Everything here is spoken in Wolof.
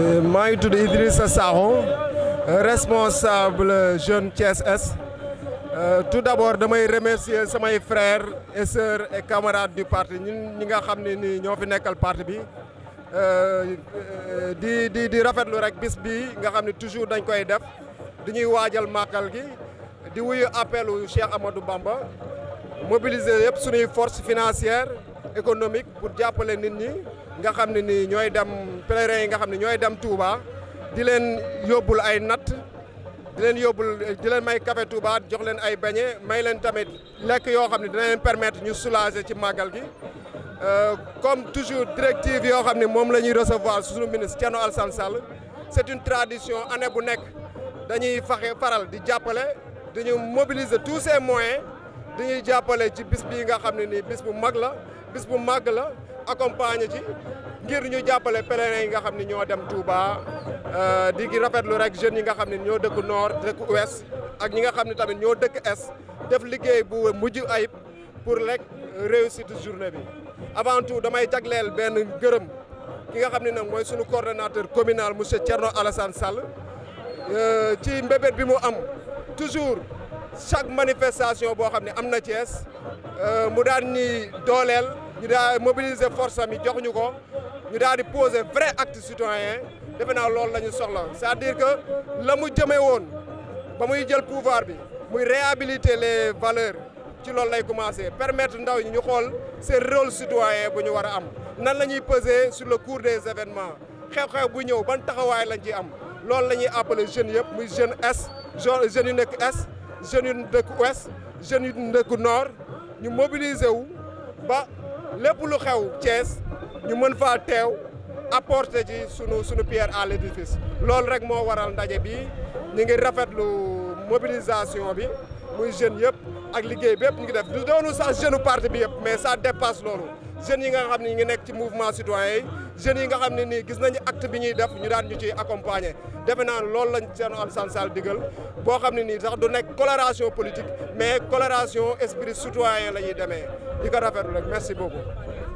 Euh, maa ngi tudd Idrissa Sakho responsable jeune Thiès Est euh, tout d'abord damay remercier samay frères et sœurs et camarades du parti ñi nga xam ne nii ñoo fi nekkal parti bi euh, di di di rafetlu rek bis bi nga xam ne toujours dañ koy def di ñuy waajal màggal gi di wuyu appelu Cheikh Amadou Bamba mobiliser yëpp suñuy force financière économique pour jàppale nit ñi nga xam ne nii ñooy dem pèlerins yi nga xam ne ñooy dem Touba di leen yóbbul ay natt di leen yóbbul di leen may café Touba jox leen ay beñe may leen tamit lekk yoo xam ne dana leen permettre ñu soulager ci màggal gi euh, comme toujours directive yoo xam ne moom la ñuy recevoir suñu ministre Thierno Alassane Sall c'est une tradition année bu nekk dañuy faxe faral di jàppale dañu mobiliser tous ces moyens dañuy jàppale ci bis bii nga xam ne nii bis bu mag la bis bu màgg la accompagner ci ngir ñu jàppale pèlerins yi nga xam ne ñoo dem Touba euh, di rafetlu rek jeunes yi nga xam ne ñoo dëkk nord dëkk ouest ak ñi nga xam ne tamit ñoo dëkk es def liggéey bu mujj ayib pour rek réussir journée bi avant tout damay jagleel benn gërëm ki nga xam ne nag mooy sunu coordonnateur communal monsieur cerno Alassane Sall euh, ci mbébét bi mu am toujours chaque manifestation boo xam ne am na Thiès euh, mu daan ñuy dooleel. ñu daal mobiliser force am yi jox ñu ko ñu daal di poser vrai acte citoyen defe naa loolu la ñu soxla c'est-à-dire que la mu jëmee woon ba muy jël pouvoir bi muy réhabiliter le valeur ci loolu lay commencer permettre ndaw ñi ñu xool seen rôle citoyen bu ñu war a am nan la ñuy peser sur le cours des événements xew-xew bu ñëw ban taxawaay lañ ci am loolu la ñuy appeler jeunes yëpp muy jeune est jeunes yu nekk est jeunes yu dëkk ouest jeunes yu dëkk noor ñu mobiliser wu ba lépp lu xew Thiès ñu mën faa teew apporter ci sunu sunu pierre à l'édifice loolu rek moo waral ndaje bi ñu ngi rafetlu mobilisation bi muy jeunes yëpp ak liggéey bi yëpp ñu ngi def du doonu sax jeune parti bi yëpp mais ça dépasse loolu jeunes yi nga xam ne ñu ngi nekk ci mouvement citoyen yi jeunes yi nga xam ne nii gis nañu acte bi ñuy def ñu daan ñu ciy accompagner defe naa loolu lañ seen Alassane Sall digal boo xam ne nii sax du nekk coloration politique mais coloration esprit citoyen la ñuy demee di ko rafetlu rek merci beaucoup